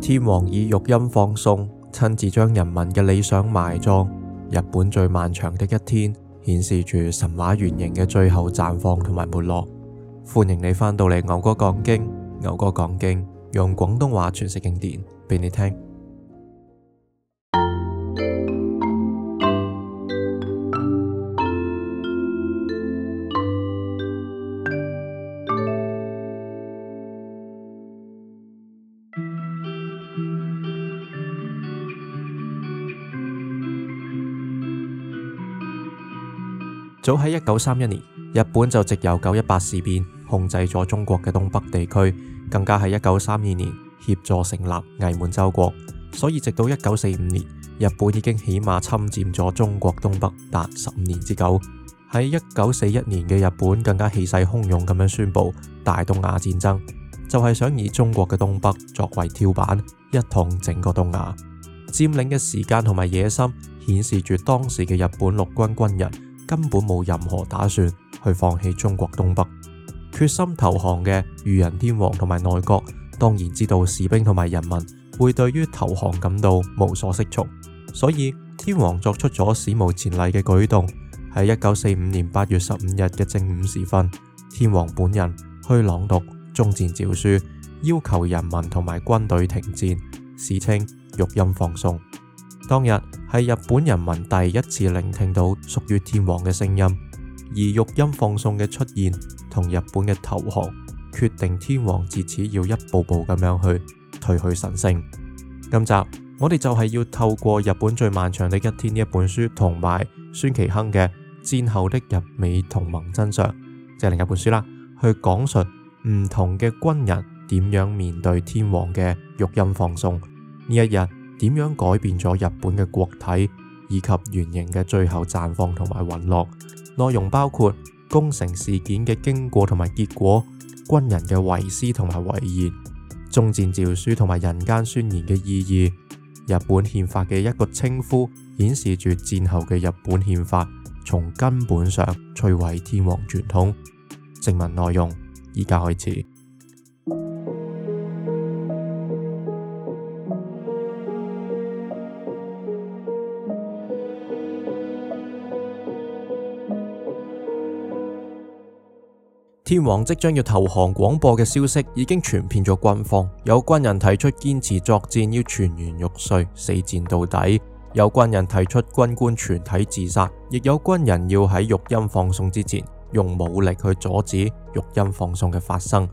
天皇以玉音放送，親自將人民嘅理想埋葬。日本最漫長的一天，顯示住神話原型嘅最後綻放同埋沒落。歡迎你翻到嚟，牛哥講經，牛哥講經，用廣東話傳承經典俾你聽。早喺一九三一年，日本就藉由九一八事變控制咗中國嘅東北地區，更加喺一九三二年協助成立偽滿洲國，所以直到一九四五年，日本已經起碼侵佔咗中國東北達十五年之久。喺一九四一年嘅日本更加氣勢洶湧咁樣宣佈大東亞戰爭，就係、是、想以中國嘅東北作為跳板，一統整個東亞。佔領嘅時間同埋野心顯示住當時嘅日本陸軍軍人。根本冇任何打算去放棄中國東北，決心投降嘅裕仁天皇同埋內閣當然知道士兵同埋人民會對於投降感到無所適從，所以天皇作出咗史無前例嘅舉動，喺一九四五年八月十五日嘅正午時分，天皇本人去朗讀終戰詔書，要求人民同埋軍隊停戰，史稱玉音放送。當日係日本人民第一次聆聽到屬於天皇嘅聲音，而玉音放送嘅出現同日本嘅投降，決定天皇自此要一步步咁樣去褪去神聖。今集我哋就係要透過《日本最漫長嘅一天》呢一本書，同埋孫崎亨嘅《戰後的日美同盟真相》即係、就是、另一本書啦，去講述唔同嘅軍人點樣面對天皇嘅玉音放送呢一日。點樣改變咗日本嘅國體，以及原型嘅最後綻放同埋隕落？內容包括宮城事件嘅經過同埋結果、軍人嘅遺詩同埋遺言、終戰詔書同埋人間宣言嘅意義、日本憲法嘅一個稱呼，顯示住戰後嘅日本憲法從根本上摧毀天皇傳統。正文內容，依家開始。天皇即將要投降廣播嘅消息已經傳遍咗軍方，有軍人提出堅持作戰，要全員玉碎，死戰到底；有軍人提出軍官全體自殺，亦有軍人要喺玉音放送之前用武力去阻止玉音放送嘅發生。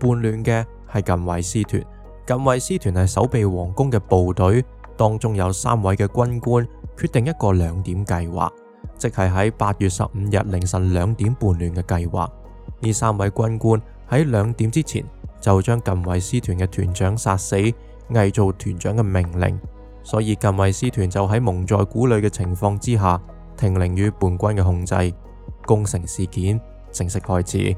叛亂嘅係近衛師團，近衛師團係守備皇宮嘅部隊，當中有三位嘅軍官決定一個兩點計劃，即係喺八月十五日凌晨兩點叛亂嘅計劃。呢三位軍官喺兩點之前就將近衛師團嘅團長殺死，偽造團長嘅命令，所以近衛師團就喺蒙在鼓裏嘅情況之下停靈於叛軍嘅控制。宮城事件正式開始。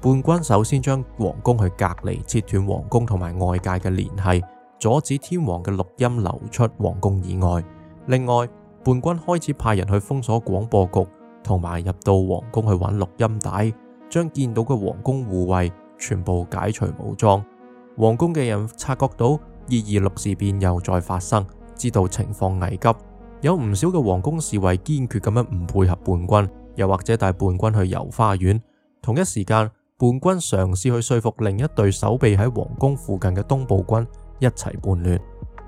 叛軍首先將皇宮去隔離，切斷皇宮同埋外界嘅聯繫，阻止天皇嘅錄音流出皇宮以外。另外，叛軍開始派人去封鎖廣播局，同埋入到皇宮去揾錄音帶。將見到嘅皇宮護衛全部解除武裝。皇宮嘅人察覺到二二六事變又再發生，知道情況危急，有唔少嘅皇宮侍衛堅決咁樣唔配合叛軍，又或者帶叛軍去遊花園。同一時間，叛軍嘗試去說服另一隊守備喺皇宮附近嘅東部軍一齊叛亂，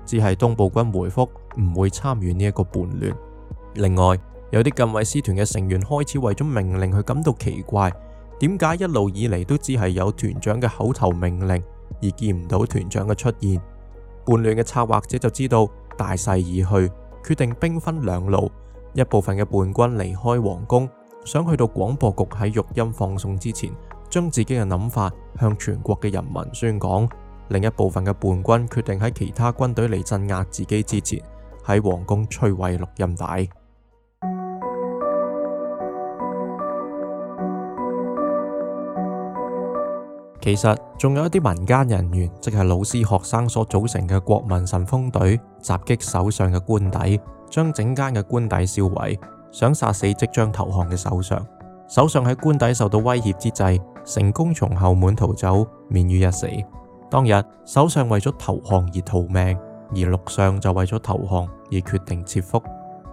只係東部軍回覆唔會參與呢一個叛亂。另外，有啲禁衛師團嘅成員開始為咗命令佢感到奇怪。點解一路以嚟都只係有團長嘅口頭命令，而見唔到團長嘅出現？叛亂嘅策劃者就知道大勢已去，決定兵分兩路：一部分嘅叛軍離開皇宮，想去到廣播局喺玉音放送之前，將自己嘅諗法向全國嘅人民宣講；另一部分嘅叛軍決定喺其他軍隊嚟鎮壓自己之前，喺皇宮摧毀錄音帶。其實仲有一啲民間人員，即係老師學生所組成嘅國民神風隊，襲擊首相嘅官邸，將整間嘅官邸燒毀，想殺死即將投降嘅首相。首相喺官邸受到威脅之際，成功從後門逃走，免於一死。當日，首相為咗投降而逃命，而陸相就為咗投降而決定切腹。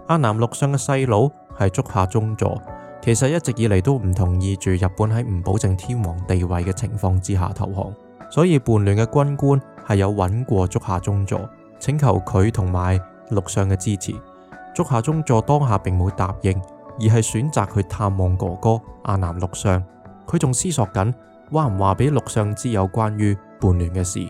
阿南陸相嘅細佬係足下中佐。其實一直以嚟都唔同意住日本喺唔保證天皇地位嘅情況之下投降，所以叛亂嘅軍官係有搵過竹下中佐，請求佢同埋陸相嘅支持。竹下中佐當下並冇答應，而係選擇去探望哥哥阿南陸相。佢仲思索緊話唔話俾陸相知有關於叛亂嘅事，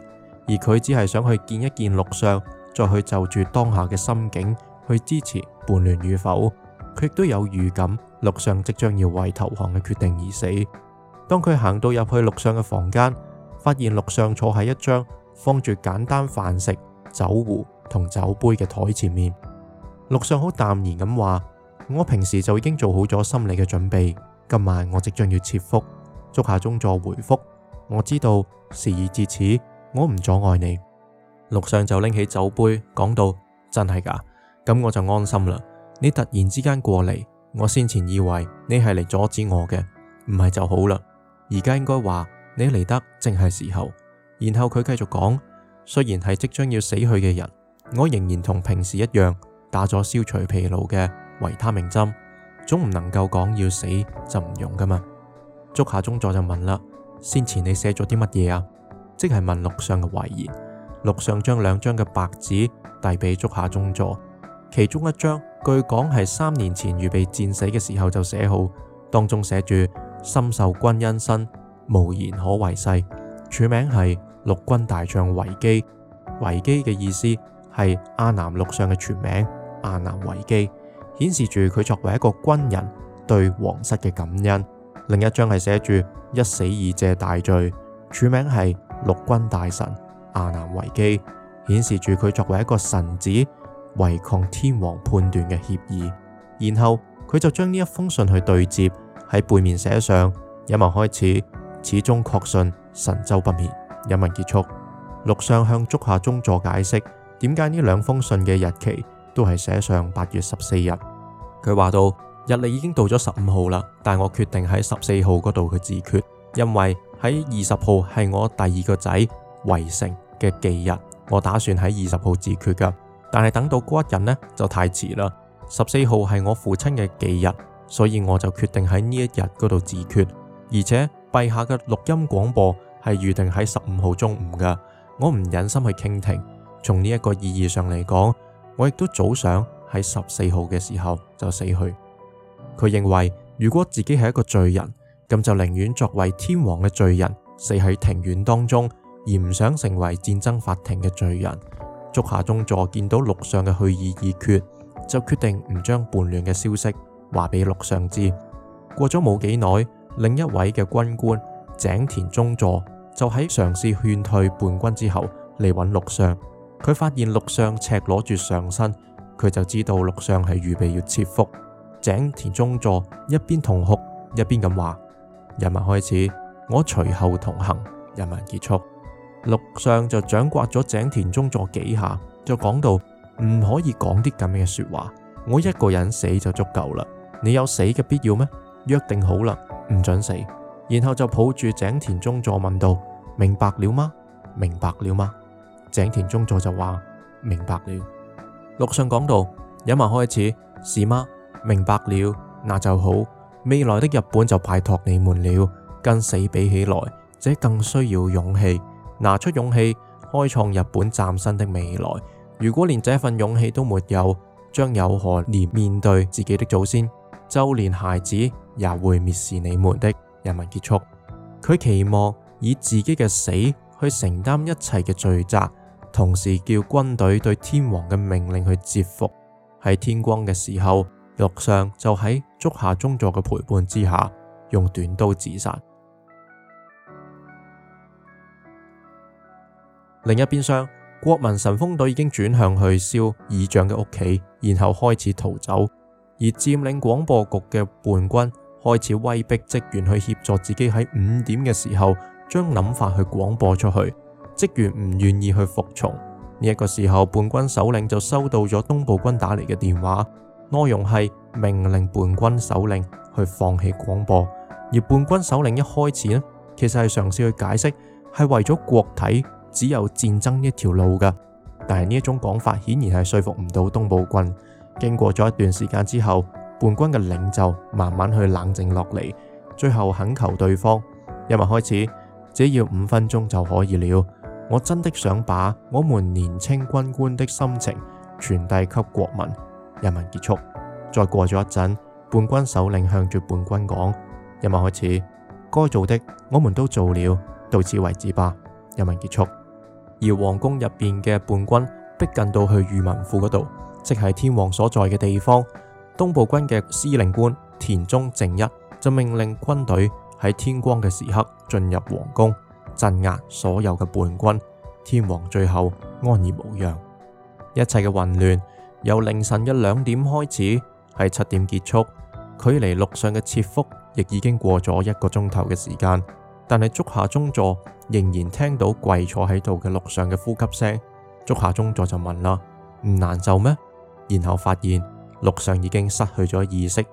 而佢只係想去見一見陸相，再去就住當下嘅心境去支持叛亂與否。佢都有預感。陸上即將要為投降嘅決定而死。當佢行到入去陸相嘅房間，發現陸相坐喺一張放住簡單飯食、酒壺同酒杯嘅台前面。陸相好淡然咁話，我平時就已經做好咗心理嘅準備，今晚我即將要切腹。竹下中佐回覆，我知道事已至此，我唔阻礙你。陸相就拎起酒杯講到，真係噶，咁、嗯、我就安心啦。你突然之間過嚟。我先前以為你係嚟，阻止我嘅，唔係就好啦。而家應該話你嚟得正係時候。然後佢繼續講，雖然係即將要死去嘅人，我仍然同平時一樣打咗消除疲勞嘅維他命針，總唔能夠講要死就唔用㗎嘛。捉下中座就問啦，先前你寫咗啲乜嘢啊？即係問陸上嘅遺言。陸上將兩張嘅白紙遞俾捉下中座。其中一張據講係三年前預備戰死嘅時候就寫好，當中寫住深受君恩身，無言可為世。署名係陸軍大將維基，維基嘅意思係阿南陸相嘅全名阿南維基，顯示住佢作為一個軍人對皇室嘅感恩。另一張係寫住一死以謝大罪，署名係陸軍大臣阿南維基，顯示住佢作為一個臣子。違抗天皇判斷嘅協議，然後佢就將呢一封信去對接喺背面寫上，引文開始，始終確信神州不滅。引文結束，陸相向足下中佐解釋點解呢兩封信嘅日期都係寫上八月十四日。佢話到日曆已經到咗十五號啦，但我決定喺十四號嗰度去自決，因為喺二十號係我第二個仔維城嘅忌日，我打算喺二十號自決噶。但係等到嗰一日呢就太遲啦。十四號係我父親嘅忌日，所以我就決定喺呢一日嗰度自決。而且陛下嘅錄音廣播係預定喺十五號中午噶，我唔忍心去傾聽。從呢一個意義上嚟講，我亦都早想喺十四號嘅時候就死去。佢認為如果自己係一個罪人，咁就寧願作為天皇嘅罪人死喺庭院當中，而唔想成為戰爭法庭嘅罪人。足下中座見到陸上嘅去意已決，就決定唔將叛亂嘅消息話俾陸上知。過咗冇幾耐，另一位嘅軍官井田中座就喺嘗試勸退叛軍之後嚟揾陸上，佢發現陸上赤裸住上身，佢就知道陸上係預備要切腹。井田中座一邊痛哭，一邊咁話：人民開始，我隨後同行；人民結束。陸上就掌摑咗井田中佐幾下，就講到唔可以講啲咁嘅說話。我一個人死就足夠啦，你有死嘅必要咩？約定好啦，唔準死。然後就抱住井田中佐問道：明白了嗎？明白了嗎？井田中佐就話：明白了。陸上講到：有埋開始，是嗎？明白了，那就好。未來的日本就拜託你們了。跟死比起來，這更需要勇氣。拿出勇氣開創日本嶄新的未來。如果連這份勇氣都沒有，將有何顏面對自己的祖先？就連孩子也會蔑視你們的人民。結束。佢期望以自己嘅死去承擔一切嘅罪責，同時叫軍隊對天皇嘅命令去折服。喺天光嘅時候，陸相就喺竹下中佐嘅陪伴之下，用短刀自殺。另一邊廂，國民神風隊已經轉向去燒議長嘅屋企，然後開始逃走。而佔領廣播局嘅叛軍開始威逼職員去協助自己，喺五點嘅時候將諗法去廣播出去。職員唔願意去服從。呢一個時候，叛軍首領就收到咗東部軍打嚟嘅電話，內容係命令叛軍首領去放棄廣播。而叛軍首領一開始呢，其實係嘗試去解釋，係為咗國體。只有戰爭一條路噶，但係呢一種講法顯然係說服唔到東部軍。經過咗一段時間之後，叛軍嘅領袖慢慢去冷靜落嚟，最後懇求對方：，日文開始，只要五分鐘就可以了。我真的想把我們年輕軍官的心情傳遞給國民。日文結束。再過咗一陣，叛軍首領向住叛軍講：，日文開始，該做的我們都做了，到此為止吧。日文結束。而皇宮入邊嘅叛軍逼近到去御文庫嗰度，即係天皇所在嘅地方。東部軍嘅司令官田中靜壹就命令軍隊喺天光嘅時刻進入皇宮，鎮壓所有嘅叛軍。天皇最後安然無恙。一切嘅混亂由凌晨一兩點開始，喺七點結束。距離陸上嘅切腹亦已經過咗一個鐘頭嘅時間。但係捉下中座仍然聽到跪坐喺度嘅陸上嘅呼吸聲，捉下中座就問啦，唔難受咩？然後發現陸上已經失去咗意識，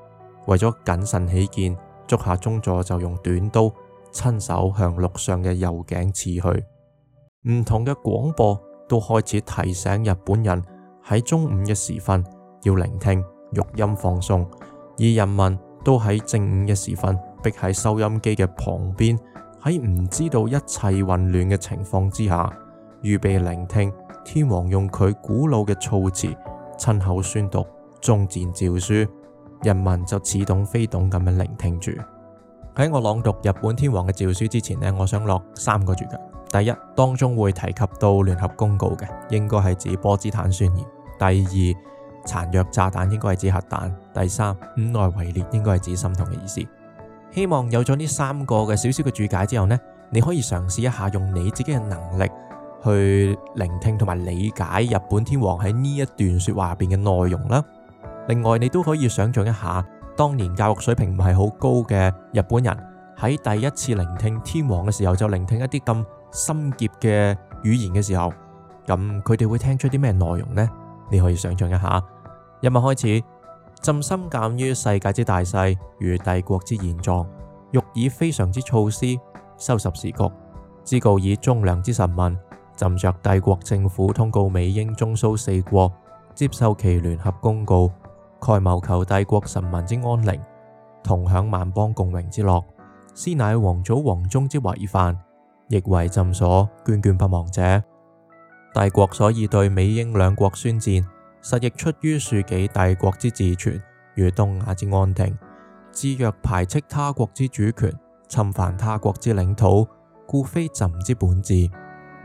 為咗謹慎起見，捉下中座就用短刀親手向陸上嘅右頸刺去。唔同嘅廣播都開始提醒日本人喺中午嘅時分要聆聽玉音放送，而人民都喺正午嘅時分逼喺收音機嘅旁邊。喺唔知道一切混亂嘅情況之下，預備聆聽天皇用佢古老嘅措辭親口宣讀終戰詔書，人民就似懂非懂咁樣聆聽住。喺我朗讀日本天皇嘅詔書之前呢，我想落三個注解：第一，當中會提及到聯合公告嘅，應該係指波茨坦宣言；第二，殘虐炸彈應該係指核彈；第三，五內為裂應該係指心痛嘅意思。希望有咗呢三個嘅少少嘅注解之後呢，你可以嘗試一下用你自己嘅能力去聆聽同埋理解日本天皇喺呢一段説話入邊嘅內容啦。另外，你都可以想象一下，當年教育水平唔係好高嘅日本人喺第一次聆聽天皇嘅時候，就聆聽一啲咁深澀嘅語言嘅時候，咁佢哋會聽出啲咩內容呢？你可以想象一下。音樂開始。朕深鑒於世界之大勢，與帝國之現狀，欲以非常之措施收拾時局，茲告以忠良之臣民，朕着帝國政府通告美、英、中、蘇四國，接受其聯合公告，蓋謀求帝國臣民之安寧，同享萬邦共榮之樂，是乃皇祖皇宗之遺範，亦為朕所眷眷不忘者。帝國所以對美英兩國宣戰，實亦出於庶幾帝國之自存，如東亞之安定。至若排斥他國之主權，侵犯他國之領土，故非朕之本志。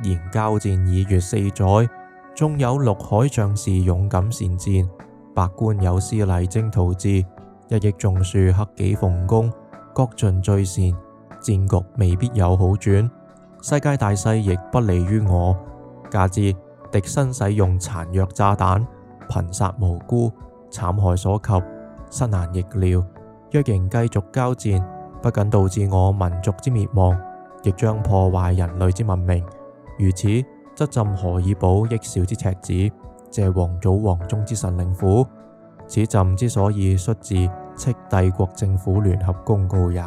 然交戰已越四載，縱有陸海將士勇敢善戰，百官有司勵精圖治，日益種樹克己奉公，各盡最善，戰局未必有好轉。世界大勢亦不利於我。加之敵新使用殘弱炸彈。頻殺無辜，慘害所及，實難逆料。若仍繼續交戰，不僅導致我民族之滅亡，亦將破壞人類之文明。如此，則朕何以保益少之赤子？謝皇祖皇宗之神靈府。此朕之所以率至斥帝國政府聯合公告也。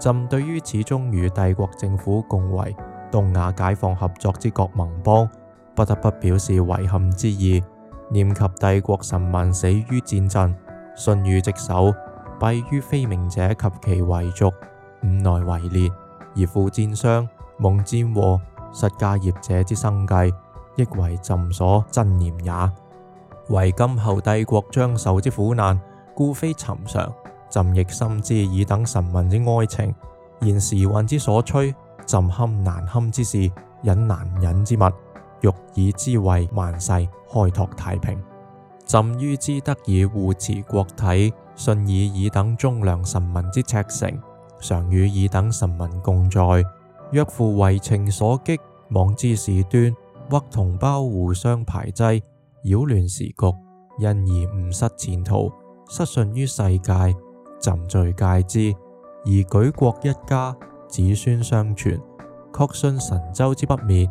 朕對於始終與帝國政府共為東亞解放合作之國盟邦，不得不表示遺憾之意。念及帝國臣民死於戰陣、信於職守、斃於非命者及其遺族，五內為裂。而負戰傷、蒙戰禍、失家業者之生計，亦為朕所軫念也。為今後帝國將受之苦難，固非尋常。朕亦深知爾等臣民之哀情，現時運之所趨，朕堪難堪之事，忍難忍之物。欲以之為萬世開拓太平，朕於之得以護持國體，信以以等忠良臣民之赤誠，常與以等臣民共在。若乎為情所激，妄之事端，或同胞互相排擠，擾亂時局，因而誤失前途，失信於世界，朕罪戒之。而舉國一家，子孫相傳，確信神州之不滅。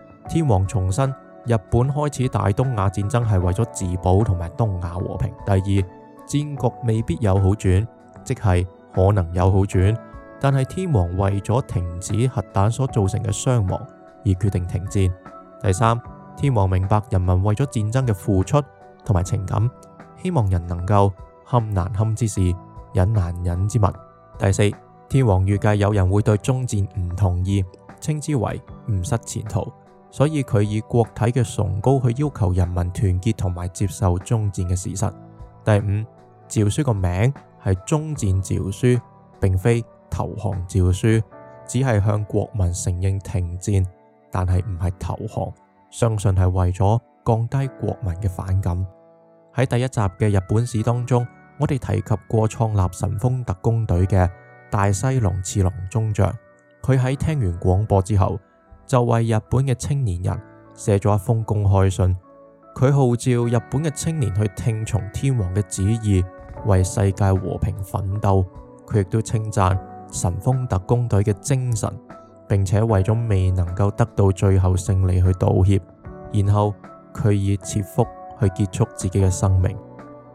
天皇重申，日本開始大東亞戰爭係為咗自保同埋東亞和平。第二，戰局未必有好轉，即係可能有好轉，但係天皇為咗停止核彈所造成嘅傷亡而決定停戰。第三，天皇明白人民為咗戰爭嘅付出同埋情感，希望人能夠堪難堪之事，忍難忍之物。第四，天皇預計有人會對終戰唔同意，稱之為唔失前途。所以佢以國體嘅崇高去要求人民團結同埋接受終戰嘅事實。第五，詔書個名係終戰詔書，並非投降詔書，只係向國民承認停戰，但係唔係投降。相信係為咗降低國民嘅反感。喺第一集嘅日本史當中，我哋提及過創立神風特攻隊嘅大西瀧治郎中將，佢喺聽完廣播之後，就為日本嘅青年人寫咗一封公開信，佢號召日本嘅青年去聽從天皇嘅旨意，為世界和平奮鬥。佢亦都稱讚神風特攻隊嘅精神，並且為咗未能夠得到最後勝利去道歉。然後佢以切腹去結束自己嘅生命。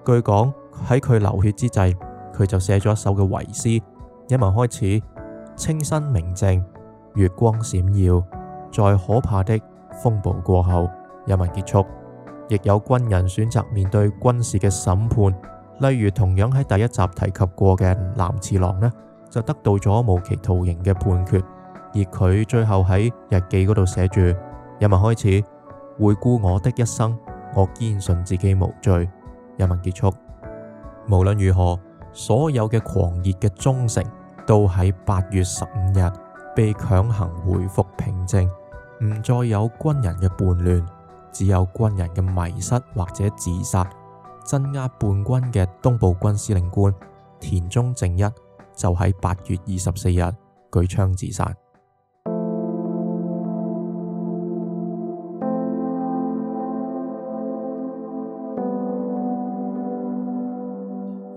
據講喺佢流血之際，佢就寫咗一首嘅遺詩，一文開始清新明淨，月光閃耀。在可怕的風暴過後，引文結束，亦有軍人選擇面對軍事嘅審判。例如，同樣喺第一集提及過嘅南次郎呢，就得到咗無期徒刑嘅判決。而佢最後喺日記嗰度寫住，引文開始，回顧我的一生，我堅信自己無罪。引文結束，無論如何，所有嘅狂熱嘅忠誠，都喺八月十五日被強行回復平靜。唔再有軍人嘅叛亂，只有軍人嘅迷失或者自殺。鎮壓叛軍嘅東部軍司令官田中正一就喺八月二十四日舉槍自殺。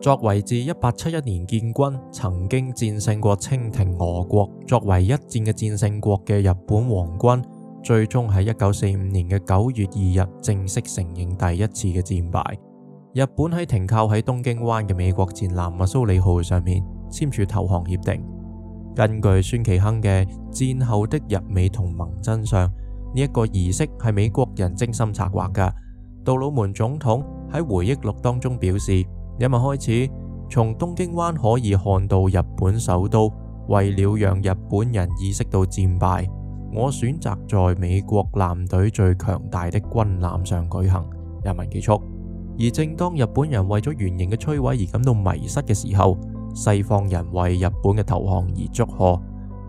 作為自一八七一年建軍，曾經戰勝過清廷、俄國，作為一戰嘅戰勝國嘅日本皇軍，最終喺一九四五年嘅九月二日正式承認第一次嘅戰敗。日本喺停靠喺東京灣嘅美國戰艦密蘇里號上面簽署投降協定。根據孫其亨嘅《戰後的日美同盟真相》，呢一個儀式係美國人精心策劃嘅。杜魯門總統喺回憶錄當中表示。一文開始，從東京灣可以看到日本首都。為了讓日本人意識到戰敗，我選擇在美國艦隊最強大的軍艦上舉行一文結束。而正當日本人為咗原型嘅摧毀而感到迷失嘅時候，西方人為日本嘅投降而祝賀。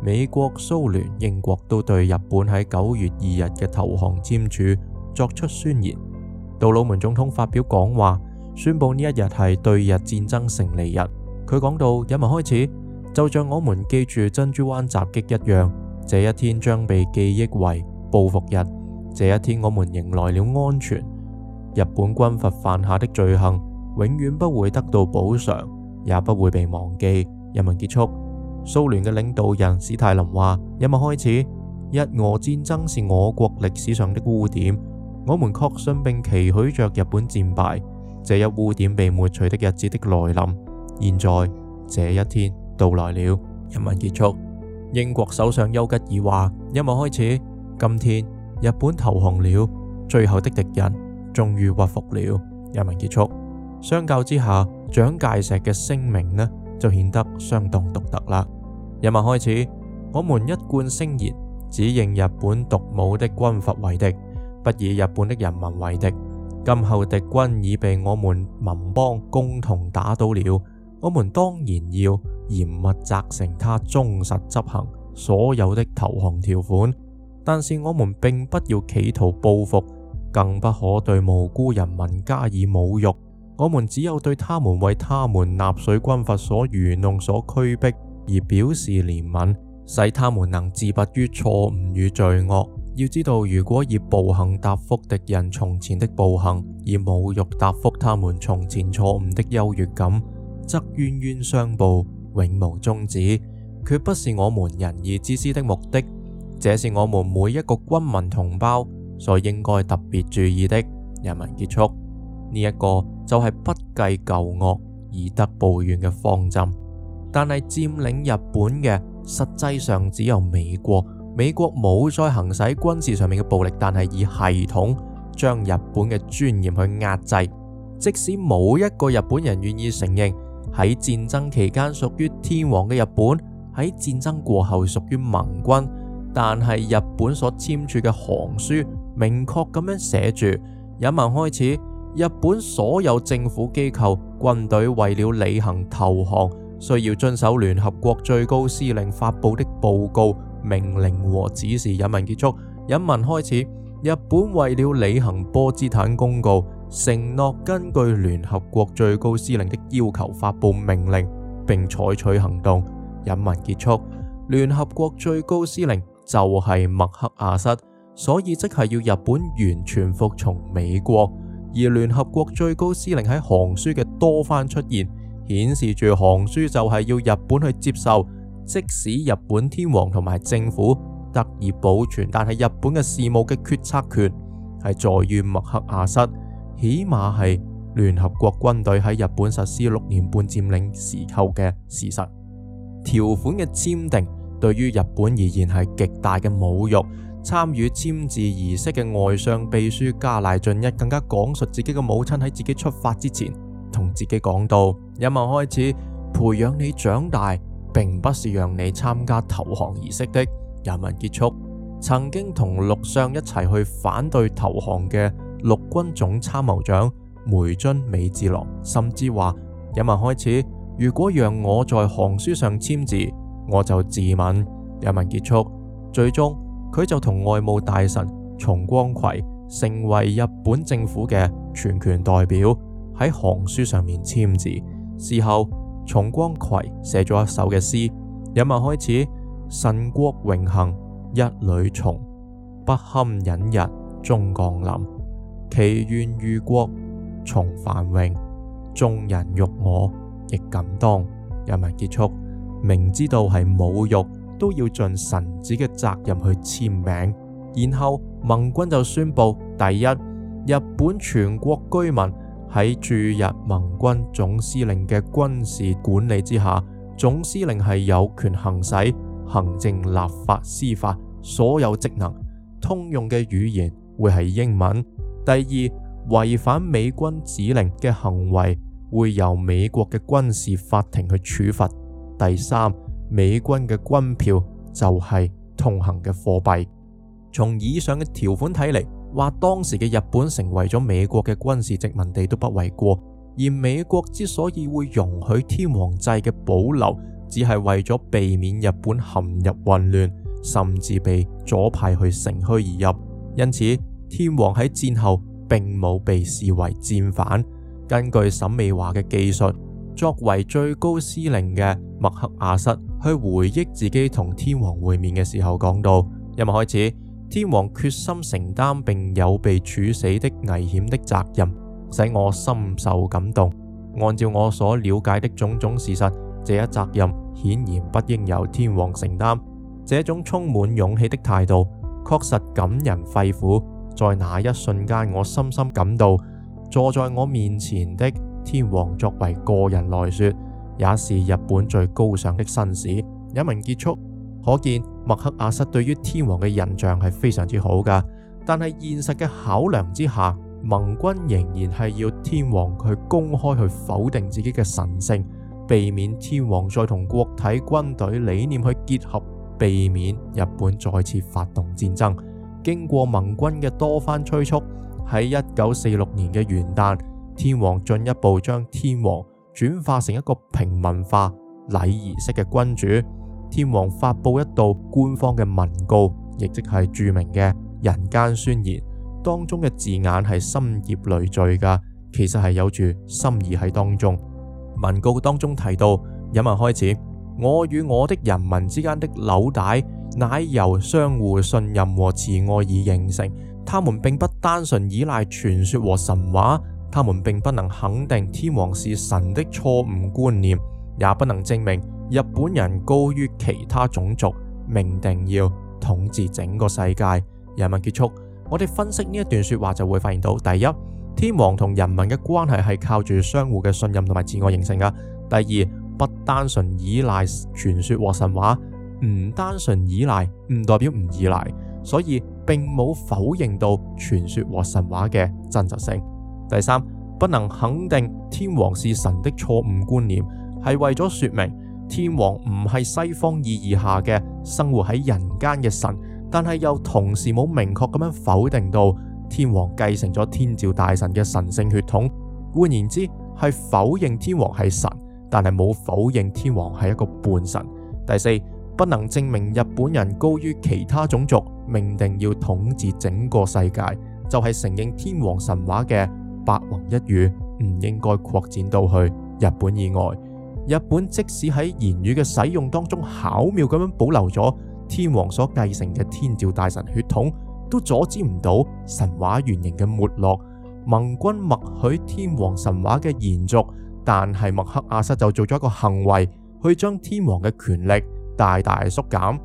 美國、蘇聯、英國都對日本喺九月二日嘅投降簽署作出宣言。杜魯門總統發表講話。宣佈呢一日係對日戰爭勝利日。佢講到：，人民開始，就像我們記住珍珠灣襲擊一樣，這一天將被記憶為報復日。這一天，我們迎來了安全。日本軍閥犯下的罪行永遠不會得到補償，也不會被忘記。人民結束。蘇聯嘅領導人史泰林話：，人民開始，日俄戰爭是我國歷史上的污點。我們確信並期許着日本戰敗。這一污點被抹除的日子的來臨，現在這一天到來了。人民結束，英國首相丘吉爾話：，新聞開始，今天日本投降了，最後的敵人終於屈服了。人民結束。相較之下，蔣介石嘅聲明呢就顯得相當獨特啦。新聞開始，我們一貫聲言，只認日本黷武的軍閥為敵，不以日本的人民為敵。今後敵軍已被我們盟邦共同打倒了，我們當然要嚴密責成他忠實執行所有的投降條款。但是我們並不要企圖報復，更不可對無辜人民加以侮辱。我們只有對他們為他們納粹軍閥所愚弄、所驅逼而表示憐憫，使他們能自拔於錯誤與罪惡。要知道，如果以暴行答复敵人從前的暴行，而侮辱答复他們從前錯誤的優越感，則冤冤相報，永無終止，決不是我們仁義之師的目的。這是我們每一個軍民同胞所應該特別注意的。人民結束呢一個就係不計舊惡，以德報怨嘅方針。但係佔領日本嘅，實際上只有美國。美國冇再行使軍事上面嘅暴力，但係以系統將日本嘅尊嚴去壓制。即使冇一個日本人願意承認喺戰爭期間屬於天皇嘅日本喺戰爭過後屬於盟軍，但係日本所簽署嘅降書明確咁樣寫住：引文開始，日本所有政府機構、軍隊為了履行投降，需要遵守聯合國最高司令發布的報告。命令和指示引文結束，引文開始。日本為了履行波茨坦公告，承諾根據聯合國最高司令的要求發布命令，并采取行動。引文結束。聯合國最高司令就係麥克阿瑟，所以即係要日本完全服從美國。而聯合國最高司令喺行書嘅多番出現，顯示住行書就係要日本去接受。即使日本天皇同埋政府得以保存，但係日本嘅事務嘅決策權係在於麥克阿瑟，起碼係聯合國軍隊喺日本實施六年半佔領時候嘅事實條款嘅簽訂，對於日本而言係極大嘅侮辱。參與簽字儀式嘅外相秘書加瀨俊一更加講述自己嘅母親喺自己出發之前同自己講道：因為開始培養你長大。並不是讓你參加投降儀式的。人民結束，曾經同陸相一齊去反對投降嘅陸軍總參謀長梅津美治郎，甚至話：人民開始，如果讓我在行書上簽字，我就自刎。人民結束，最終佢就同外務大臣重光葵成為日本政府嘅全權代表喺行書上面簽字。事後。重光葵寫咗一首嘅詩，引文開始，神國永幸一縷從，不堪隱日終降臨，祈願於國從繁榮，眾人欲我亦敢當，引文結束。明知道係侮辱，都要盡臣子嘅責任去簽名，然後盟軍就宣佈，第一，日本全國居民。喺駐日盟軍總司令嘅軍事管理之下，總司令係有權行使行政、立法、司法所有職能。通用嘅語言會係英文。第二，違反美軍指令嘅行為會由美國嘅軍事法庭去處罰。第三，美軍嘅軍票就係通行嘅貨幣。從以上嘅條款睇嚟，話當時嘅日本成為咗美國嘅軍事殖民地都不為過，而美國之所以會容許天皇制嘅保留，只係為咗避免日本陷入混亂，甚至被左派去乘虛而入。因此，天皇喺戰後並冇被視為戰犯。根據沈美華嘅記述，作為最高司令嘅麥克阿瑟去回憶自己同天皇會面嘅時候講到：今日開始。天皇決心承擔並有被處死的危險的責任，使我深受感動。按照我所了解的種種事實，這一責任顯然不應由天皇承擔。這種充滿勇氣的態度確實感人肺腑。在那一瞬間，我深深感到，坐在我面前的天皇作為個人來說，也是日本最高尚的紳士。引文結束。可見麥克阿瑟對於天皇嘅印象係非常之好㗎，但係現實嘅考量，之下，盟軍仍然係要天皇去公開去否定自己嘅神性，避免天皇再同國體軍隊理念去結合，避免日本再次發動戰爭。經過盟軍嘅多番催促，喺一九四六年嘅元旦，天皇進一步將天皇轉化成一個平民化、禮儀式嘅君主。天皇發佈一道官方嘅文告，亦即係著名嘅《人間宣言》，當中嘅字眼係深葉累贅噶，其實係有住心意喺當中。文告當中提到，引文開始：我與我的人民之間的紐帶乃由相互信任和慈愛而形成，他們並不單純依賴傳說和神話，他們並不能肯定天皇是神的錯誤觀念，也不能證明。日本人高於其他種族，命定要統治整個世界。人民結束，我哋分析呢一段說話就會發現到：第一，天皇同人民嘅關係係靠住相互嘅信任同埋自我形成噶；第二，不單純依賴傳說和神話，唔單純依賴唔代表唔依賴，所以並冇否認到傳說和神話嘅真實性；第三，不能肯定天皇是神的錯誤觀念，係為咗說明。天皇唔係西方意義下嘅生活喺人間嘅神，但係又同時冇明確咁樣否定到天皇繼承咗天照大神嘅神性血統。換言之，係否認天皇係神，但係冇否認天皇係一個半神。第四，不能證明日本人高於其他種族，命定要統治整個世界，就係、是、承認天皇神話嘅八紘一宇，唔應該擴展到去日本以外。日本即使喺言語嘅使用當中巧妙咁樣保留咗天皇所繼承嘅天照大神血統，都阻止唔到神話原型嘅沒落。盟軍默許天皇神話嘅延續，但係麥克阿瑟就做咗一個行為，去將天皇嘅權力大大縮減。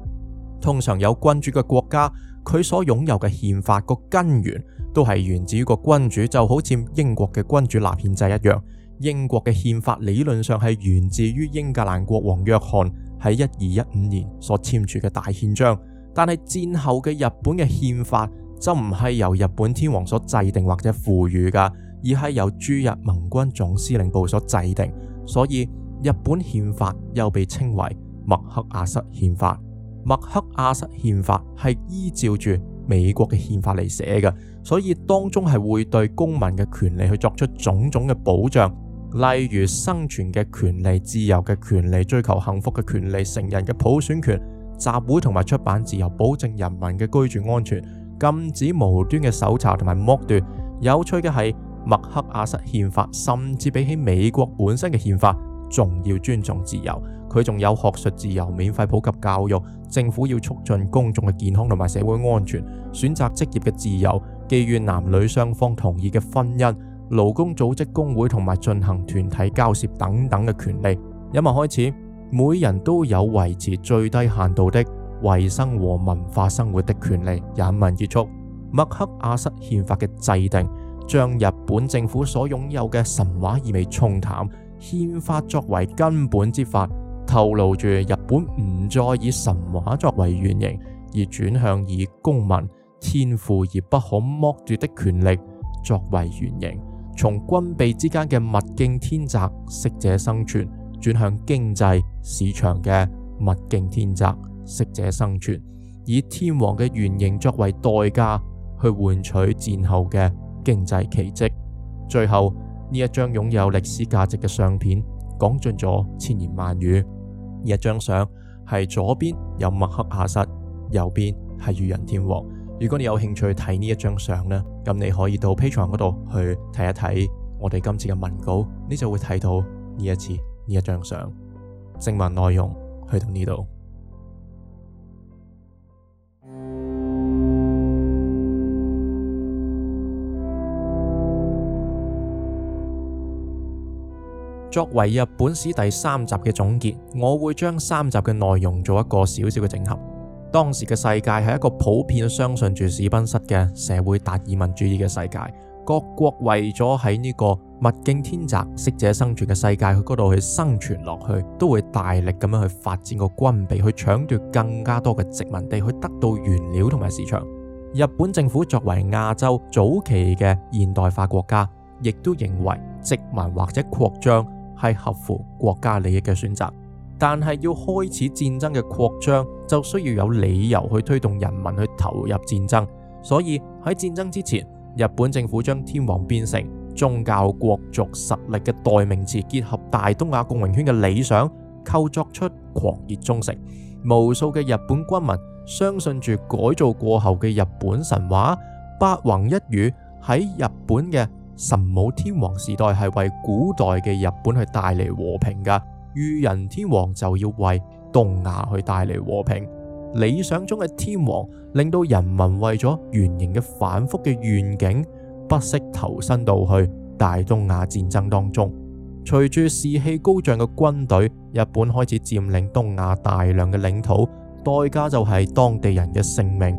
通常有君主嘅國家，佢所擁有嘅憲法個根源都係源自於個君主，就好似英國嘅君主立憲制一樣。英國嘅憲法理論上係源自於英格蘭國王約翰喺一二一五年所簽署嘅大憲章，但係戰後嘅日本嘅憲法就唔係由日本天皇所制定或者賦予噶，而係由駐日盟軍總司令部所制定，所以日本憲法又被稱為麥克阿瑟憲法。麥克阿瑟憲法係依照住美國嘅憲法嚟寫嘅，所以當中係會對公民嘅權利去作出種種嘅保障。例如生存嘅權利、自由嘅權利、追求幸福嘅權利、成人嘅普選權、集會同埋出版自由、保證人民嘅居住安全、禁止無端嘅搜查同埋剝奪。有趣嘅係，麥克阿瑟憲法甚至比起美國本身嘅憲法仲要尊重自由。佢仲有學術自由、免費普及教育、政府要促進公眾嘅健康同埋社會安全、選擇職業嘅自由、基於男女雙方同意嘅婚姻。勞工組織工會同埋進行團體交涉等等嘅權利。引文開始，每人都有維持最低限度的衛生和文化生活的權利。引文結束。麥克阿瑟憲法嘅制定，將日本政府所擁有嘅神話意味沖淡。憲法作為根本之法，透露住日本唔再以神話作為原型，而轉向以公民天賦而不可剝奪的權利作為原型。從軍備之間嘅物競天擇，適者生存，轉向經濟市場嘅物競天擇，適者生存，以天皇嘅原型作為代價去換取戰後嘅經濟奇蹟。最後呢一張擁有歷史價值嘅相片，講盡咗千言萬語。呢一張相係左邊有麥克阿瑟，右邊係裕仁天皇。如果你有興趣睇呢一張相呢，咁你可以到 Patreon 嗰度去睇一睇我哋今次嘅文稿，你就會睇到呢一次呢一張相。正文內容去到呢度。作為日本史第三集嘅總結，我會將三集嘅內容做一個少少嘅整合。當時嘅世界係一個普遍相信住史賓塞嘅社會達爾文主義嘅世界，各國為咗喺呢個物競天擇、適者生存嘅世界，去嗰度去生存落去，都會大力咁樣去發展個軍備，去搶奪更加多嘅殖民地，去得到原料同埋市場。日本政府作為亞洲早期嘅現代化國家，亦都認為殖民或者擴張係合乎國家利益嘅選擇。但係要開始戰爭嘅擴張，就需要有理由去推動人民去投入戰爭。所以喺戰爭之前，日本政府將天皇變成宗教、國族實力嘅代名詞，結合大東亞共榮圈嘅理想，構作出狂熱忠誠。無數嘅日本軍民相信住改造過後嘅日本神話，八紘一宇喺日本嘅神武天皇時代係為古代嘅日本去帶嚟和平噶。裕仁天皇就要為東亞去帶嚟和平，理想中嘅天皇令到人民為咗原型嘅反覆嘅願景不惜投身到去大東亞戰爭當中。隨住士氣高漲嘅軍隊，日本開始佔領東亞大量嘅領土，代價就係當地人嘅性命。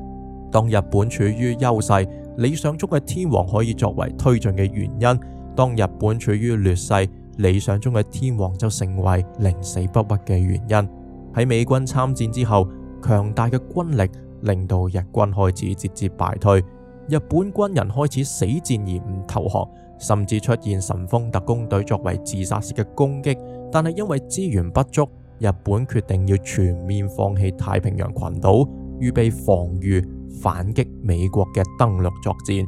當日本處於優勢，理想中嘅天皇可以作為推進嘅原因；當日本處於劣勢，理想中嘅天皇就成為寧死不屈嘅原因。喺美軍參戰之後，強大嘅軍力令到日軍開始節節敗退，日本軍人開始死戰而唔投降，甚至出現神風特攻隊作為自殺式嘅攻擊。但係因為資源不足，日本決定要全面放棄太平洋群島，預備防禦反擊美國嘅登陸作戰。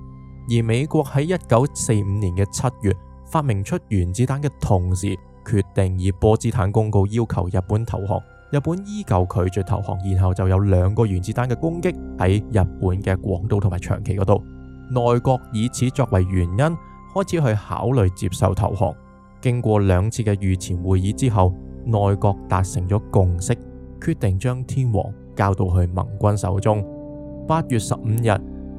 而美國喺一九四五年嘅七月。發明出原子彈嘅同時，決定以波茨坦公告要求日本投降。日本依舊拒絕投降，然後就有兩個原子彈嘅攻擊喺日本嘅廣島同埋長崎嗰度。內閣以此作為原因，開始去考慮接受投降。經過兩次嘅御前會議之後，內閣達成咗共識，決定將天皇交到去盟軍手中。八月十五日，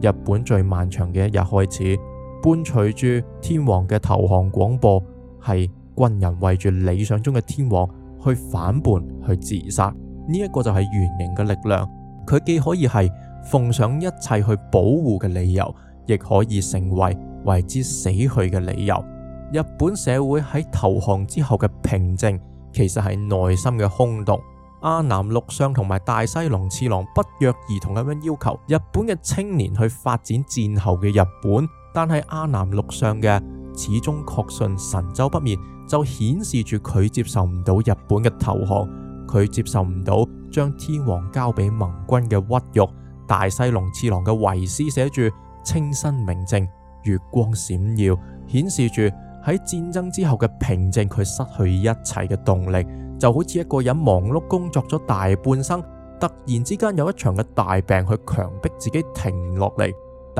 日本最漫長嘅一日開始。伴隨住天皇嘅投降廣播，係軍人為住理想中嘅天皇去反叛去自殺。呢、這、一個就係原型嘅力量，佢既可以係奉上一切去保護嘅理由，亦可以成為為之死去嘅理由。日本社會喺投降之後嘅平靜，其實係內心嘅空洞。阿南陸相同埋大西龍次郎不約而同咁樣要求日本嘅青年去發展戰後嘅日本。但係阿南陸上嘅始終確信神州不滅，就顯示住佢接受唔到日本嘅投降，佢接受唔到將天皇交俾盟軍嘅屈辱。大西瀧治郎嘅遺詩寫住清新明淨，月光閃耀，顯示住喺戰爭之後嘅平靜，佢失去一切嘅動力，就好似一個人忙碌工作咗大半生，突然之間有一場嘅大病去強迫自己停落嚟。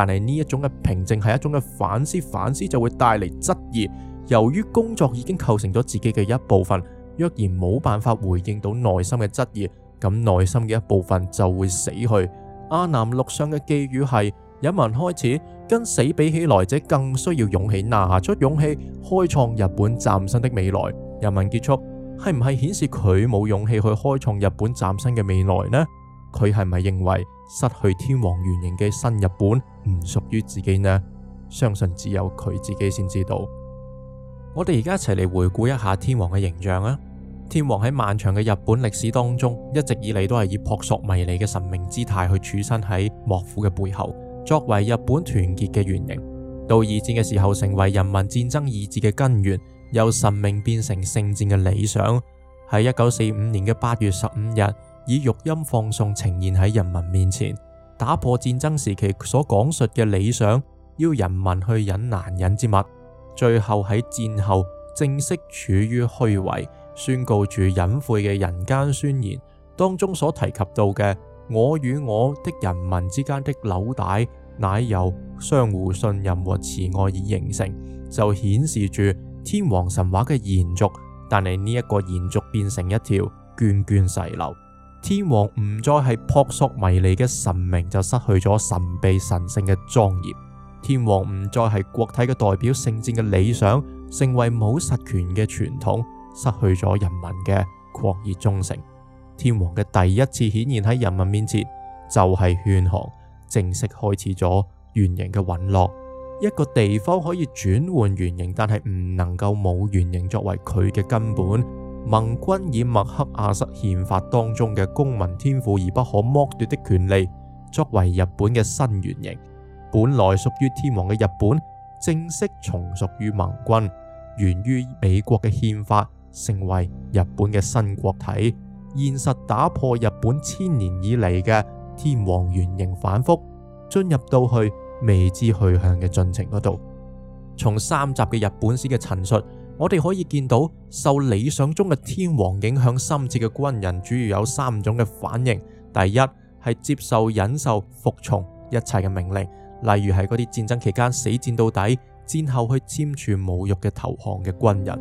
但係呢一種嘅平靜係一種嘅反思，反思就會帶嚟質疑。由於工作已經構成咗自己嘅一部分，若然冇辦法回應到內心嘅質疑，咁內心嘅一部分就會死去。阿南陸上嘅寄語係：，引文開始，跟死比起來，這更需要勇氣，拿出勇氣開創日本嶄新的未來。引文結束，係唔係顯示佢冇勇氣去開創日本嶄新嘅未來呢？佢係咪認為失去天皇原型嘅新日本？唔屬於自己呢？相信只有佢自己先知道。我哋而家一齊嚟回顧一下天皇嘅形象啊！天皇喺漫長嘅日本歷史當中，一直以嚟都係以撲朔迷離嘅神明姿態去處身喺幕府嘅背後，作為日本團結嘅原型。到二戰嘅時候，成為人民戰爭意志嘅根源，由神明變成聖戰嘅理想，喺一九四五年嘅八月十五日，以玉音放送呈現喺人民面前。打破戰爭時期所講述嘅理想，要人民去忍難忍之物，最後喺戰後正式處於虛偽，宣告住隱晦嘅人間宣言當中所提及到嘅我與我的人民之間的紐帶乃由相互信任和慈愛而形成，就顯示住天皇神話嘅延續，但係呢一個延續變成一條涓涓細流。天皇唔再係撲朔迷離嘅神明，就失去咗神秘神聖嘅莊嚴；天皇唔再係國體嘅代表、聖戰嘅理想，成為冇實權嘅傳統，失去咗人民嘅狂熱忠誠。天皇嘅第一次顯現喺人民面前，就係勸降，正式開始咗原型嘅隕落。一個地方可以轉換原型，但係唔能夠冇原型作為佢嘅根本。盟軍以麥克阿瑟憲法當中嘅公民天賦而不可剝奪的權利，作為日本嘅新原型。本來屬於天皇嘅日本，正式從屬於盟軍，源於美國嘅憲法，成為日本嘅新國體。現實打破日本千年以嚟嘅天皇原型反覆，進入到去未知去向嘅進程嗰度。從三集嘅日本史嘅陳述。我哋可以見到受理想中嘅天皇影響深切嘅軍人，主要有三種嘅反應。第一係接受、忍受、服從一切嘅命令，例如係嗰啲戰爭期間死戰到底、戰後去簽署侮辱嘅投降嘅軍人；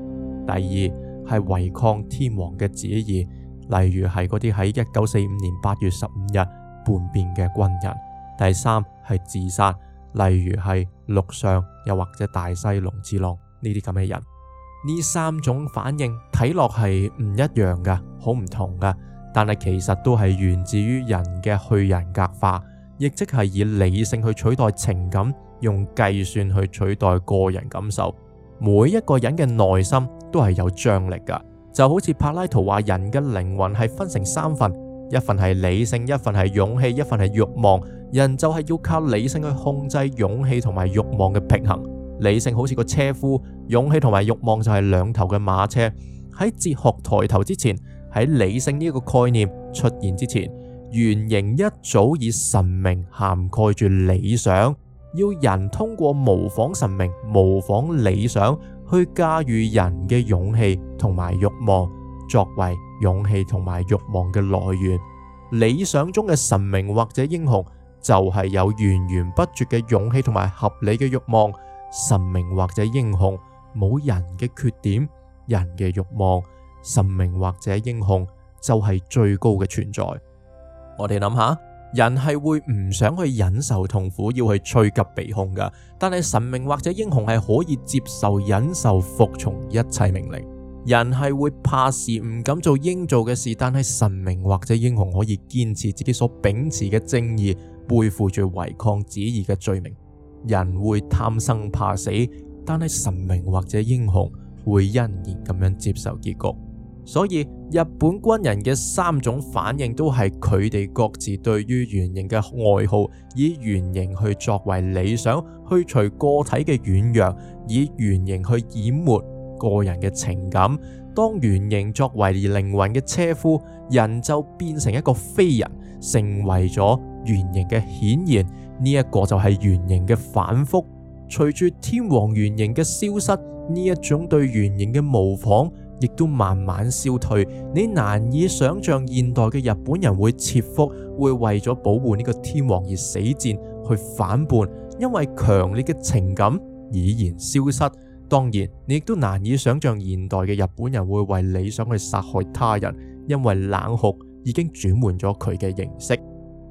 第二係違抗天皇嘅旨意，例如係嗰啲喺一九四五年八月十五日叛變嘅軍人；第三係自殺，例如係陸上又或者大西瀧治郎呢啲咁嘅人。呢三種反應睇落係唔一樣嘅，好唔同嘅，但係其實都係源自於人嘅去人格化，亦即係以理性去取代情感，用計算去取代個人感受。每一個人嘅內心都係有張力㗎，就好似柏拉圖話人嘅靈魂係分成三份，一份係理性，一份係勇氣，一份係欲望。人就係要靠理性去控制勇氣同埋欲望嘅平衡。理性好似個車夫，勇氣同埋欲望就係兩頭嘅馬車。喺哲學抬頭之前，喺理性呢一個概念出現之前，原型一早以神明涵蓋住理想，要人通過模仿神明、模仿理想去駕馭人嘅勇氣同埋欲望，作為勇氣同埋欲望嘅來源。理想中嘅神明或者英雄就係有源源不絕嘅勇氣同埋合理嘅欲望。神明或者英雄冇人嘅缺點，人嘅欲望，神明或者英雄就係最高嘅存在。我哋諗下，人係會唔想去忍受痛苦，要去趨吉避凶噶，但係神明或者英雄係可以接受忍受服從一切命令。人係會怕事唔敢做應做嘅事，但係神明或者英雄可以堅持自己所秉持嘅正義，背負住違抗旨意嘅罪名。人會貪生怕死，但係神明或者英雄會欣然咁樣接受結局。所以日本軍人嘅三種反應都係佢哋各自對於原型嘅愛好，以原型去作為理想，去除個體嘅軟弱，以原型去淹沒個人嘅情感。當原型作為靈魂嘅車夫，人就變成一個非人。成為咗原型嘅顯現，呢、這、一個就係原型嘅反覆。隨住天皇原型嘅消失，呢一種對原型嘅模仿亦都慢慢消退。你難以想象現代嘅日本人會切腹，會為咗保護呢個天皇而死戰去反叛，因為強烈嘅情感已然消失。當然，你亦都難以想象現代嘅日本人會為理想去殺害他人，因為冷酷，已經轉換咗佢嘅形式。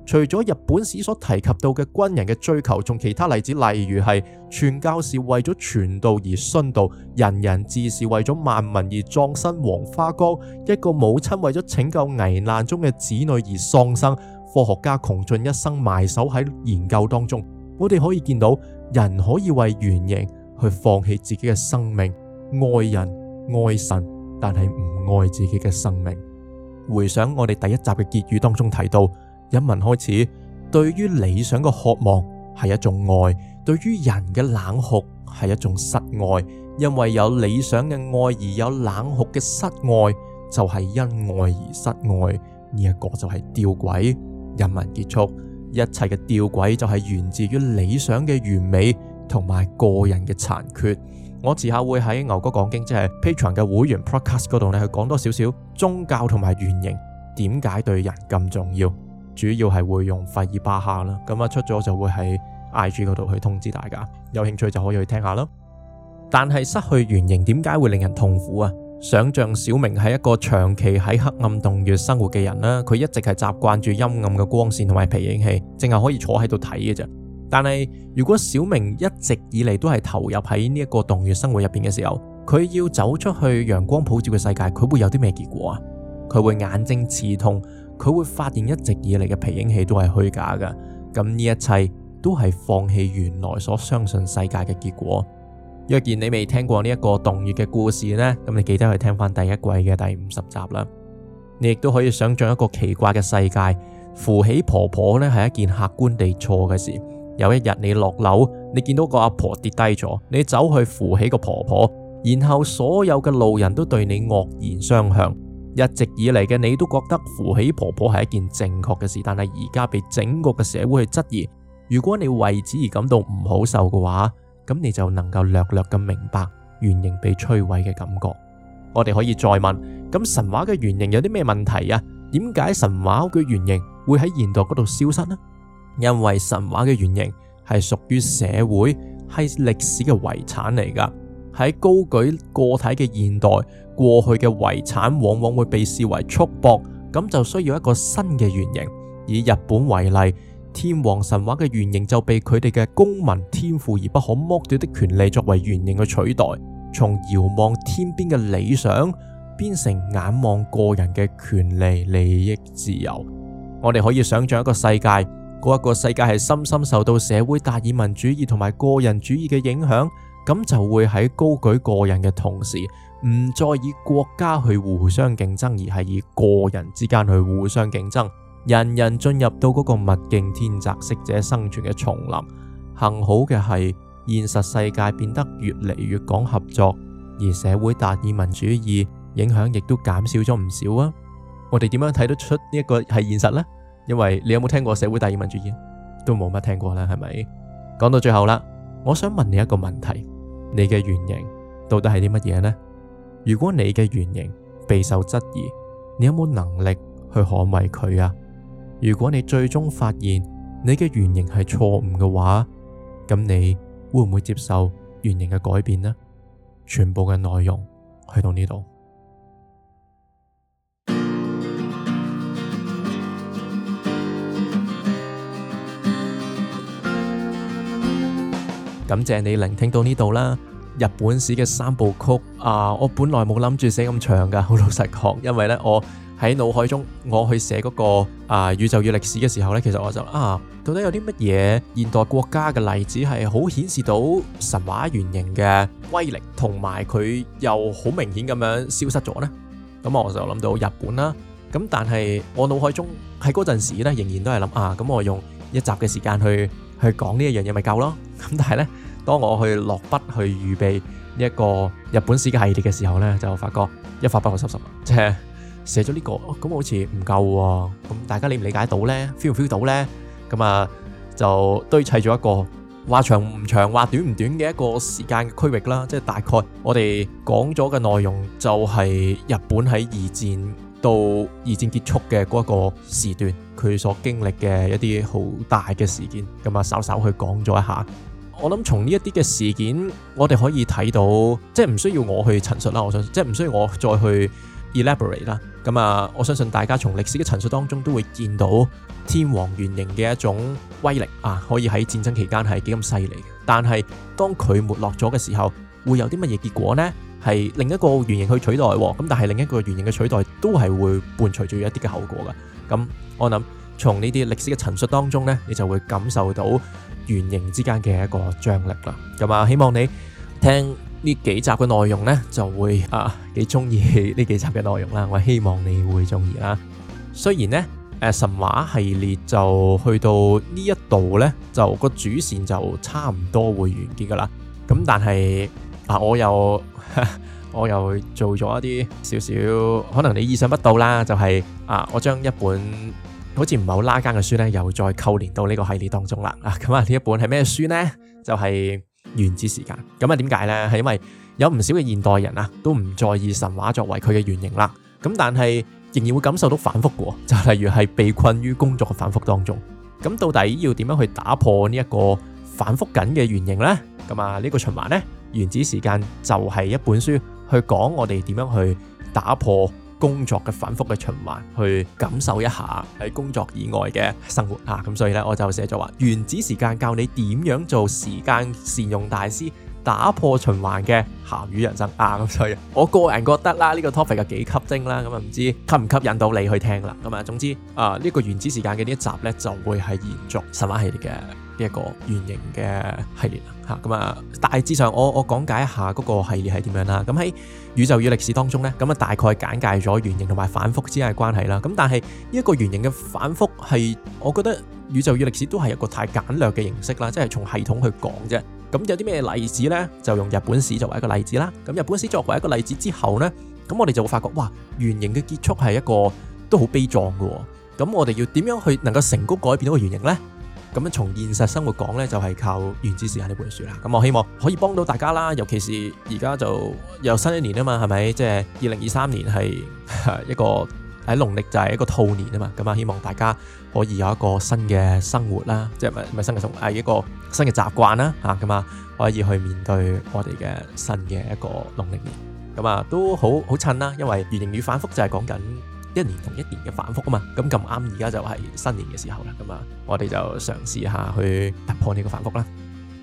除咗日本史所提及到嘅軍人嘅追求，仲其他例子，例如係傳教士為咗傳道而殉道，仁人志士為咗萬民而葬身黃花崗，一個母親為咗拯救危難中嘅子女而喪生，科學家窮盡一生埋首喺研究當中。我哋可以見到，人可以為原型去放棄自己嘅生命、愛人、愛神，但係唔愛自己嘅生命。回想我哋第一集嘅結語當中提到，引文開始，對於理想嘅渴望係一種愛，對於人嘅冷酷係一種失愛，因為有理想嘅愛而有冷酷嘅失愛，就係、是、因愛而失愛，呢、這、一個就係吊詭。引文結束，一切嘅吊詭就係源自於理想嘅完美同埋個人嘅殘缺。我遲下會喺牛哥講經，即係 Patreon 嘅會員 Podcast 嗰度咧，去講多少少宗教同埋原型，點解對人咁重要？主要係會用費爾巴哈啦，咁啊出咗就會喺 IG 嗰度去通知大家，有興趣就可以去聽下啦。但係失去原型，點解會令人痛苦啊？想象小明係一個長期喺黑暗洞穴生活嘅人啦，佢一直係習慣住陰暗嘅光線同埋皮影戲，淨係可以坐喺度睇嘅咋。但係，如果小明一直以嚟都係投入喺呢一個洞穴生活入邊嘅時候，佢要走出去陽光普照嘅世界，佢會有啲咩結果啊？佢會眼睛刺痛，佢會發現一直以嚟嘅皮影戲都係虛假嘅。咁呢一切都係放棄原來所相信世界嘅結果。若然你未聽過呢一個洞穴嘅故事呢，咁你記得去聽翻第一季嘅第五十集啦。你亦都可以想象一個奇怪嘅世界，扶起婆婆呢係一件客觀地錯嘅事。有一日你落樓，你見到個阿婆跌低咗，你走去扶起個婆婆，然後所有嘅路人都對你惡言相向。一直以嚟嘅你都覺得扶起婆婆係一件正確嘅事，但係而家被整個嘅社會去質疑。如果你為此而感到唔好受嘅話，咁你就能夠略略咁明白原型被摧毀嘅感覺。我哋可以再問：咁神話嘅原型有啲咩問題啊？點解神話嘅原型會喺現代嗰度消失呢？因為神話嘅原型係屬於社會，係歷史嘅遺產嚟噶。喺高舉個體嘅現代，過去嘅遺產往往會被視為束縛，咁就需要一個新嘅原型。以日本為例，天皇神話嘅原型就被佢哋嘅公民天賦而不可剝奪的權利作為原型去取代，從遙望天邊嘅理想，變成眼望個人嘅權利、利益、自由。我哋可以想象一個世界。嗰一個世界係深深受到社會達爾文主義同埋個人主義嘅影響，咁就會喺高舉個人嘅同時，唔再以國家去互相競爭，而係以個人之間去互相競爭。人人進入到嗰個物競天擇、適者生存嘅叢林。幸好嘅係，現實世界變得越嚟越講合作，而社會達爾文主義影響亦都減少咗唔少啊！我哋點樣睇得出呢一個係現實呢？因為你有冇聽過社會大移民主義？都冇乜聽過啦，係咪？講到最後啦，我想問你一個問題：你嘅原型到底係啲乜嘢呢？如果你嘅原型備受質疑，你有冇能力去捍衛佢啊？如果你最終發現你嘅原型係錯誤嘅話，咁你會唔會接受原型嘅改變呢？全部嘅內容去到呢度。感謝你聆聽到呢度啦！日本史嘅三部曲啊，我本來冇諗住寫咁長噶，好老實講，因為呢我喺腦海中我去寫嗰個啊宇宙與歷史嘅時候呢，其實我就啊到底有啲乜嘢現代國家嘅例子係好顯示到神話原型嘅威力，同埋佢又好明顯咁樣消失咗呢。咁我就諗到日本啦。咁但係我腦海中喺嗰陣時呢，仍然都係諗啊，咁我用一集嘅時間去。去講呢一樣嘢咪夠咯？咁但係咧，當我去落筆去預備呢一個日本史嘅系列嘅時候咧，就發覺一發不可收拾啊！即係寫咗呢個，咁好似唔夠喎。咁大家理唔理解到咧？feel 唔 feel 到咧？咁啊，就堆砌咗一個話長唔長話短唔短嘅一個時間區域啦。即係大概我哋講咗嘅內容就係日本喺二戰到二戰結束嘅嗰一個時段，佢所經歷嘅一啲好大嘅事件，咁啊稍稍去講咗一下。我諗從呢一啲嘅事件，我哋可以睇到，即係唔需要我去陳述啦。我想即係唔需要我再去 elaborate 啦。咁啊，我相信大家從歷史嘅陳述當中都會見到天皇原型嘅一種威力啊，可以喺戰爭期間係幾咁犀利。但係當佢沒落咗嘅時候，會有啲乜嘢結果呢？係另一個原型去取代，咁但係另一個原型嘅取代都係會伴隨住一啲嘅後果噶。咁我諗從呢啲歷史嘅陳述當中咧，你就會感受到原型之間嘅一個張力啦。咁啊，希望你聽呢幾集嘅內容咧，就會啊幾中意呢幾集嘅內容啦。我希望你會中意啦。雖然咧，誒神話系列就去到呢一度咧，就個主線就差唔多會完結噶啦。咁但係。啊！我又我又做咗一啲少少，可能你意想不到啦。就係啊，我將一本好似唔係好拉更嘅書呢，又再扣連到呢個系列當中啦。啊，咁啊，呢一本係咩書呢？就係《原子時間》。咁啊，點解呢？係因為有唔少嘅現代人啊，都唔在意神話作為佢嘅原型啦。咁但係仍然會感受到反覆喎，就例如係被困於工作嘅反覆當中。咁到底要點樣去打破呢一個反覆緊嘅原型呢？咁啊，呢個循環呢？《原子時間》就係一本書，去講我哋點樣去打破工作嘅反覆嘅循環，去感受一下喺工作以外嘅生活啊！咁所以呢，我就寫咗話《原子時間》教你點樣做時間善用大師，打破循環嘅鹹魚人生啊！咁所以，我個人覺得啦，呢個 topic 啊，幾吸睛啦，咁啊唔知吸唔吸引到你去聽啦？咁啊，總之啊，呢個《原子時間》嘅呢一集呢，就會係延續神話系列嘅呢一個原型嘅系列嚇咁啊！大致上，我我講解一下嗰個系列係點樣啦。咁喺宇宙與歷史當中咧，咁啊大概簡介咗原型同埋反覆之間嘅關係啦。咁但係呢一個原型嘅反覆係，我覺得宇宙與歷史都係一個太簡略嘅形式啦，即係從系統去講啫。咁有啲咩例子咧？就用日本史作為一個例子啦。咁日本史作為一個例子之後咧，咁我哋就會發覺，哇！原型嘅結束係一個都好悲壯嘅喎。咁我哋要點樣去能夠成功改變嗰個原型咧？咁樣從現實生活講呢，就係靠《原子時間》呢本書啦。咁我希望可以幫到大家啦，尤其是而家就又新一年啊嘛，係咪？即係二零二三年係一個喺農曆就係一個兔年啊嘛。咁啊，希望大家可以有一個新嘅生活啦，即係唔係新嘅生，係一個新嘅習慣啦，嚇咁啊，可以去面對我哋嘅新嘅一個農曆年。咁啊，都好好襯啦，因為原型與反覆就係講緊。一年同一年嘅反覆啊嘛，咁咁啱而家就係新年嘅時候啦，咁啊，我哋就嘗試下去突破呢個反覆啦。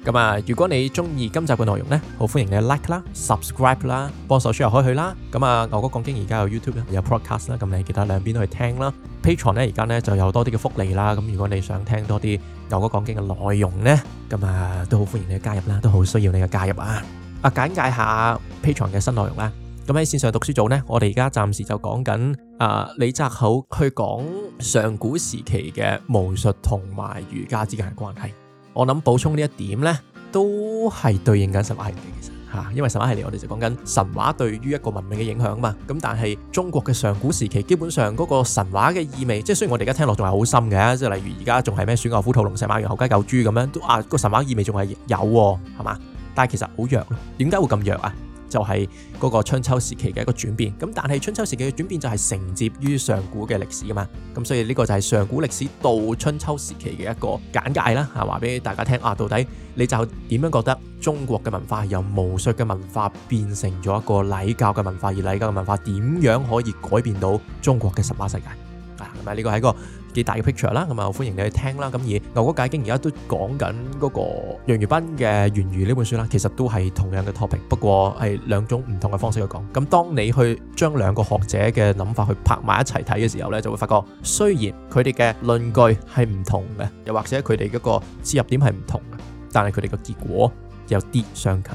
咁啊，如果你中意今集嘅內容咧，好歡迎你嘅 like 啦、subscribe 啦、幫手 share 開去啦。咁啊，牛哥講經而家有 YouTube 啊，有 podcast 啦，咁你記得兩邊都去聽啦。Patreon 咧，而家咧就有多啲嘅福利啦。咁如果你想聽多啲牛哥講經嘅內容咧，咁啊都好歡迎你嘅加入啦，都好需要你嘅加入啊。啊，簡介下 Patreon 嘅新內容啦。咁喺線上讀書組咧，我哋而家暫時就講緊啊李澤厚去講上古時期嘅巫術同埋儒家之間嘅關係。我諗補充呢一點咧，都係對應緊神話系列嘅，其實。因為神話系列，我哋就講緊神話對於一個文明嘅影響嘛。咁但係中國嘅上古時期，基本上嗰個神話嘅意味，即係雖然我哋而家聽落仲係好深嘅，即係例如而家仲係咩鼠牛虎、兔龍蛇、馬羊猴、雞狗豬咁樣，都啊個神話意味仲係有喎，係嘛？但係其實好弱咯，點解會咁弱啊？就係嗰個春秋時期嘅一個轉變，咁但係春秋時期嘅轉變就係承接於上古嘅歷史㗎嘛，咁所以呢個就係上古歷史到春秋時期嘅一個簡介啦，吓話俾大家聽啊，到底你就點樣覺得中國嘅文化由巫術嘅文化變成咗一個禮教嘅文化，而禮教嘅文化點樣可以改變到中國嘅神話世界？係咪呢個係一個？幾大嘅 picture 啦，咁啊歡迎你去聽啦。咁而牛哥解經而家都講緊嗰個楊儒賓嘅《緣如》呢本書啦，其實都係同樣嘅 topic，不過係兩種唔同嘅方式去講。咁當你去將兩個學者嘅諗法去拍埋一齊睇嘅時候呢，就會發覺雖然佢哋嘅論據係唔同嘅，又或者佢哋嗰個切入點係唔同嘅，但係佢哋嘅結果有啲相近。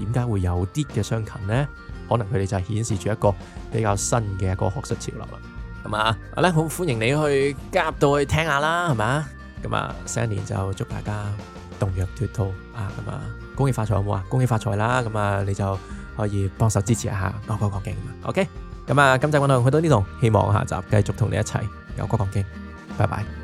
點解會有啲嘅相近呢？可能佢哋就係顯示住一個比較新嘅一個學術潮流啦。好啦，好歡迎你去加入到去聽下啦，係嘛？咁啊，s n 一 y 就祝大家動若脱兔啊，咁啊，恭喜發財有冇啊？恭喜發財啦，咁啊，你就可以幫手支持一下歌歌歌歌，高高更勁 o k 咁啊，今集我同去到呢度，希望下集繼續同你一齊，高高更勁，拜拜。